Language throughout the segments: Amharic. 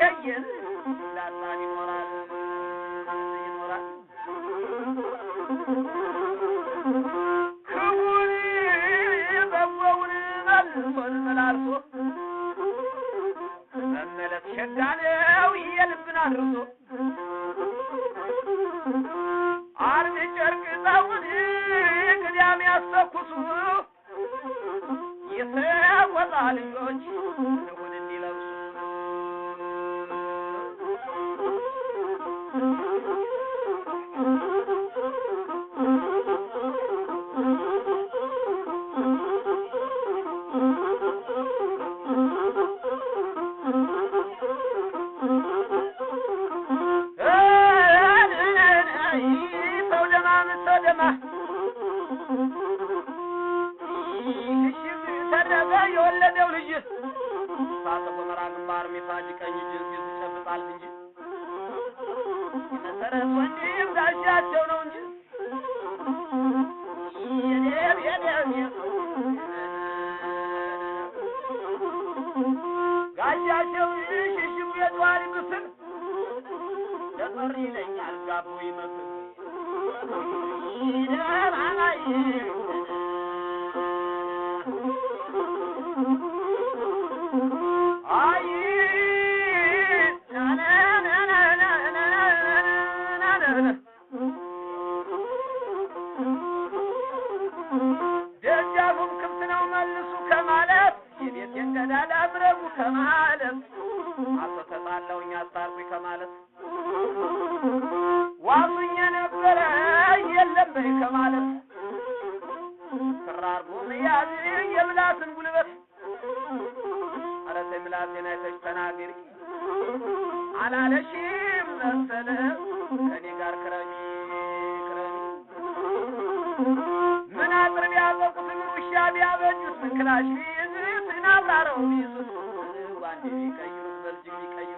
Yes ዞር ይለኛል ዛቦ ይመስል ይደማይ ክፍት ነው መልሱ ከማለት የቤት የገዳዳ አብረቡ ከማለት አጣላለሁኝ አስታርቁኝ ከማለት ዋሉኝ የነበረ የለም ከማለት ከማለት ተራርቦ መያዝ የምላስን ጉልበት ኧረ ተይ ምላሴን አይተሽ ተናገሪ አላለሽም መሰለ ከኔ ጋር ክረሚ ክረሚ ምን አጥር ውሻ ቢያበጁት ክላሽ ቢይዙት ምን አጣረው ቢቀይሩት በልጅ ቢቀይሩት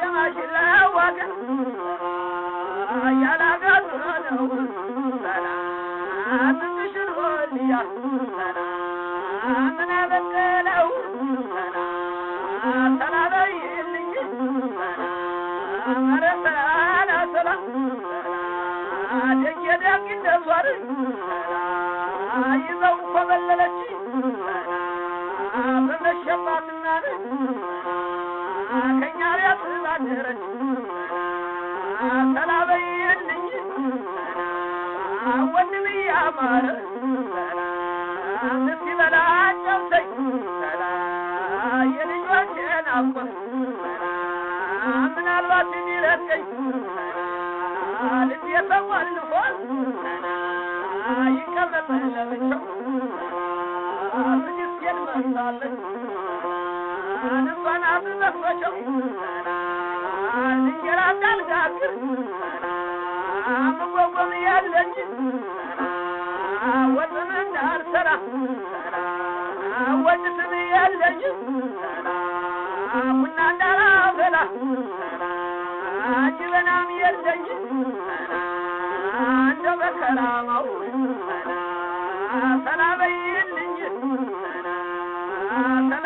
የማሽላ ዋጋ ይዘው ኮበለለች በመሸባትና ከኛ ቤት ባደረች ሰላበይልኝ ወንድም ያማረ እስኪበላ ጨብሰኝ የልጆችን አቆት ምናልባት ቢለቀኝ ልብ የተሟል ልሆን ይቀመጥ ለብቻው ሰላም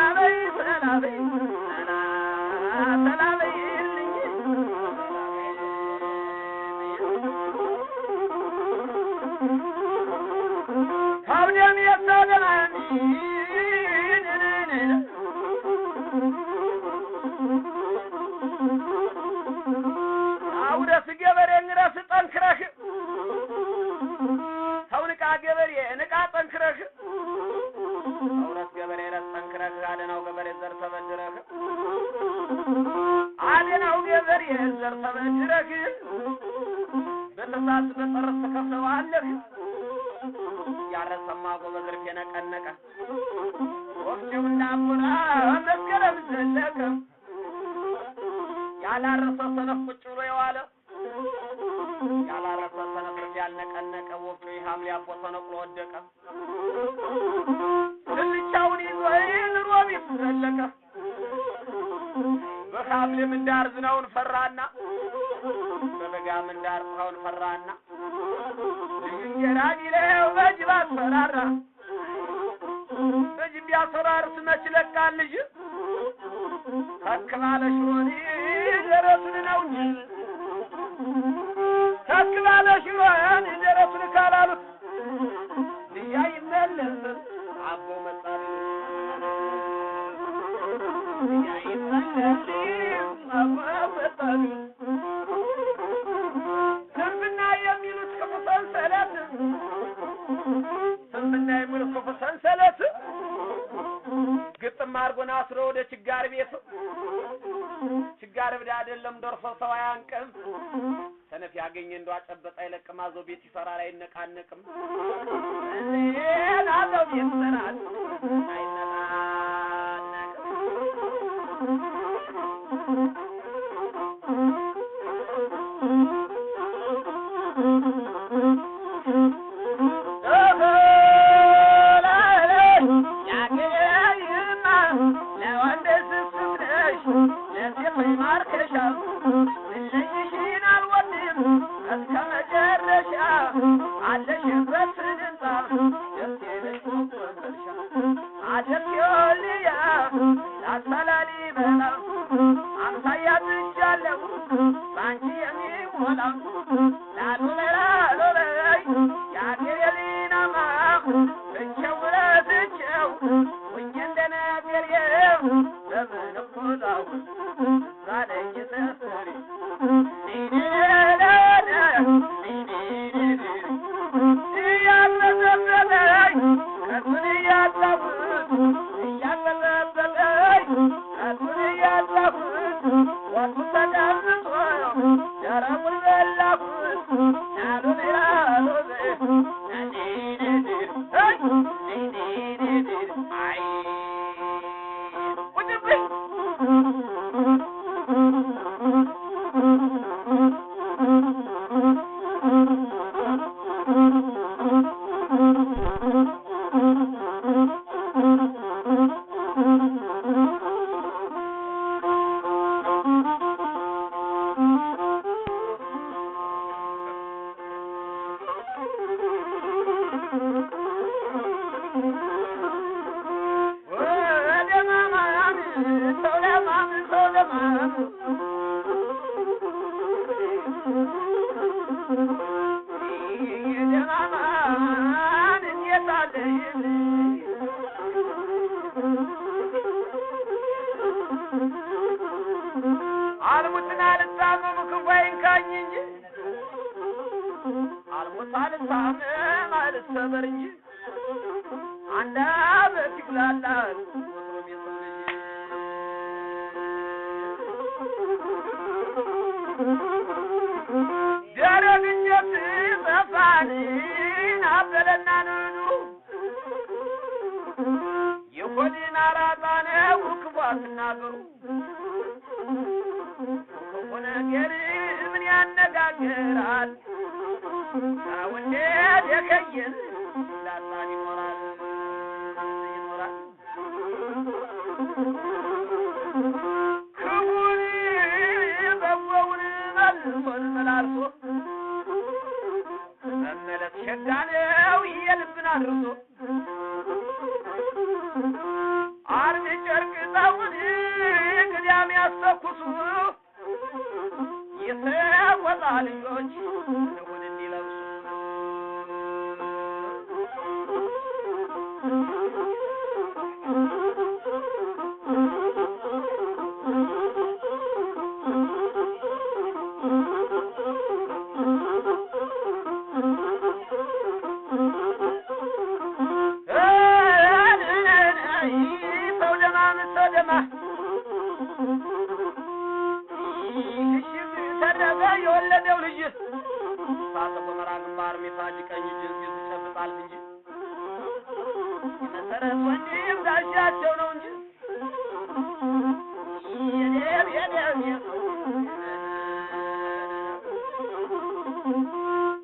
Amen. Amen. ሰማ ጎበዝር የነቀነቀ ወፍዲውና አቡና መስከረም ዘለቀ ያላረሰ ሰነፍ ቁጭ ብሎ የዋለ ያላረሰ ሰነፍ ያልነቀነቀ ወፍጮ የሐምሌ አቦ ተነቅሎ ወደቀ ልልቻውን ይዞ ኑሮ ዘለቀ በሐምሌ ምንዳር ዝናውን ፈራና በበጋ ምንዳር ፀሐዩን ፈራና እንጀራ ቢለው እጅ ባስፈራራ እጅ ቢያስፈራርስ መች ይለቃል ልጅ ተክ ባለ ሽሮኒ ደረቱን ነው እንጂ ተክ ባለ ሽሮ እብድ አይደለም ደርሶ ሰው አያንቅም። ሰነፍ ያገኘ እንደው አጨበጣ አይለቅም። አዞ ቤት ይሰራል አይነቃነቅም። እኔ ሰው ቤት ይሰራል I just ልሰበር እንጂ አንዳ በትግላላት ደረግኘት ጠፋኒን አበለና ንኑ የኮዲን አራጣነ ውክቧትና ብሩ ክፉ ነገር ምን ያነጋግራል Thank you.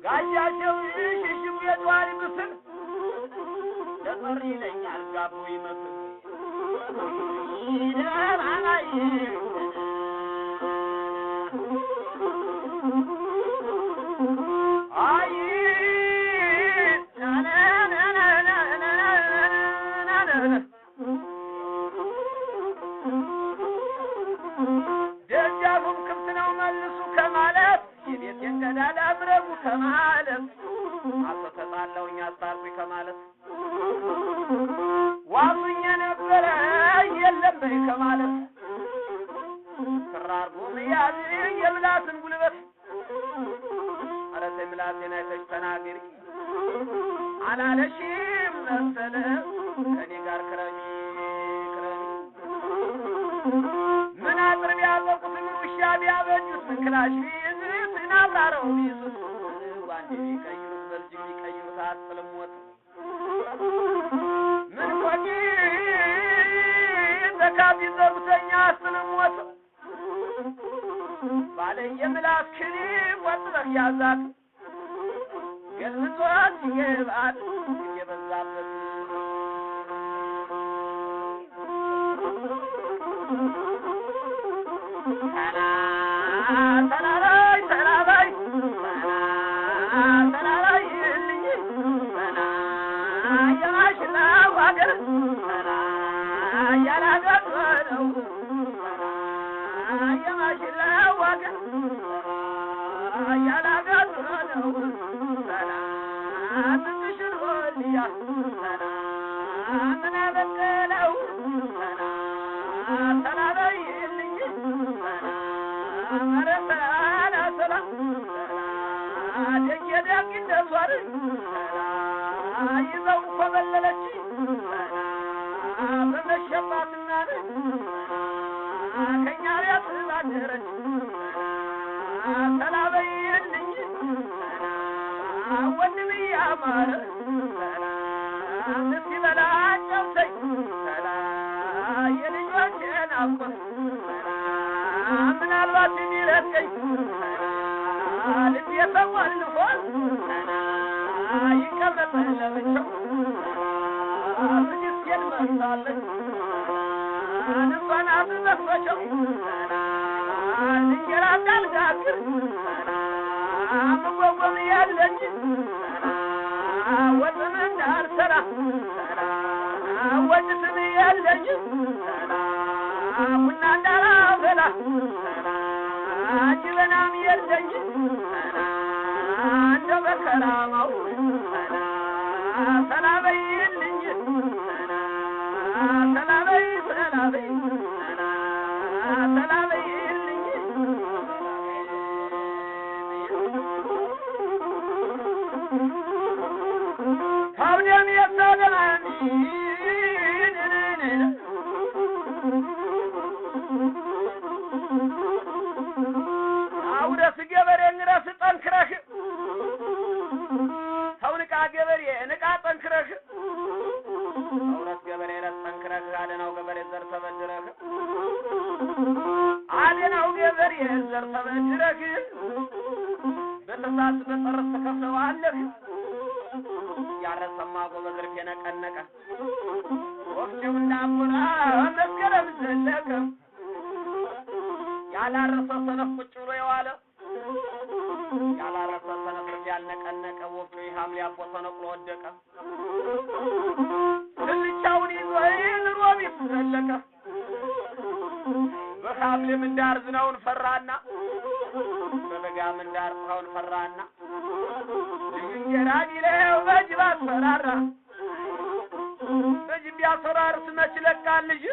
ጋጃቸው ሽሽሙ የጧሪ ምስል ይለኛል ጋቦ ይመስል ከማለት ዋሉኝ ነበረ የለም በይ ከማለት ተራርቦ መያዝ የምላስን ጉልበት ኧረ ተይ ምላሴን አይተሽ ተናገሪ አላለሽም መሰለ ከእኔ ጋር ክረሚ ክረሚ ምን አጥር ቢያጠቁት ምን ውሻ ቢያበጁት ምን ክላሽ ቢይዙት ምን አብራረው ቢይዙት ዋንዴ ቢቀይ ምን ቆጢ ስንሞት ባለየ ምላስ ያዛት ገልብጦት ይገባት የበዛበት የማሽላ ዋጋ ያላጋት ነው ሰላም ትሽሮልያል ሰላም ነበቀለው ሰላም ተላለይልኝ ሰላም ረሰላ ሰላም ሰላም ደጌዳቂ እንደሷር ሰላም ይዘው ኮበለለች ሰላም በመሸባትናነ ከኛ ያስተዳደረች ሰላበየልኝ ወንድም ያማረ ምስኪ በላ ጨብሰኝ በላ የልጆችን ምናልባት ቢረገኝ ልብ የሰዋል ልሆን ይቀመጥ ለብቻው ምስኪን መስላለች ልቧን አብበት ወጨው እንጀራ እንዳልጋግር መጓጓም ያለች ወጥን ቡና እንዳላበላ ጅበናም የለች Tell በመዝርፍ የነቀነቀ ወቅቴው እንዳቦራ መስከረም ዘለቀ ያላረሰ ሰነፍ ቁጭ ብሎ የዋለ ያላረሰ ሰነፍ ያልነቀነቀ ወቅቱ ሐምሌ አቦ ተነቅሎ ወደቀ ድልቻውን ይዞ ኑሮ ቤቱ ዘለቀ በሐምሌ ምንዳር ዝናውን ፈራና በበጋ ምንዳር ፀሐዩን ፈራና እንጀራ ቢለው በጅ ባስፈራራ ልጅ ቢያስፈራርስ መች ለቃል ልጅ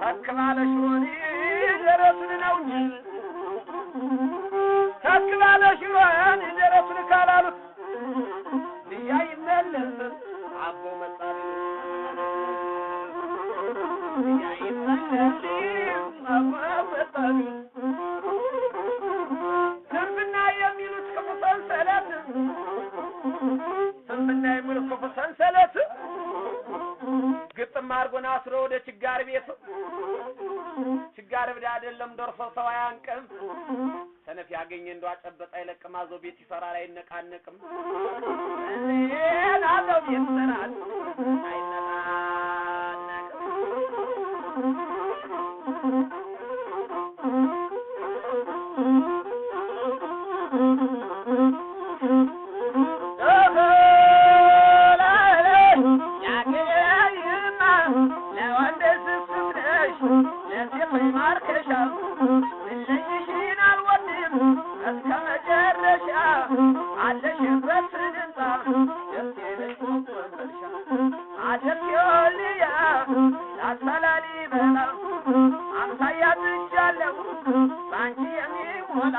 ተክባለ ሽሮኒ ደረቱን ነው እንጂ ተክባለ ሽሮን ደረቱን ካላሉት ልያ ይመለስም አቦ መጣሪ ልያ ይመለስም አቦ እብድ አይደለም ደርሶ ሰው አያንቅም። ሰነፍ ያገኘ እንደው አጨበጣ አይለቅም። አዞ ቤት ይሰራል አይነቃነቅም። ሌላ ሰው ይሰራል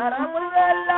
Sharangula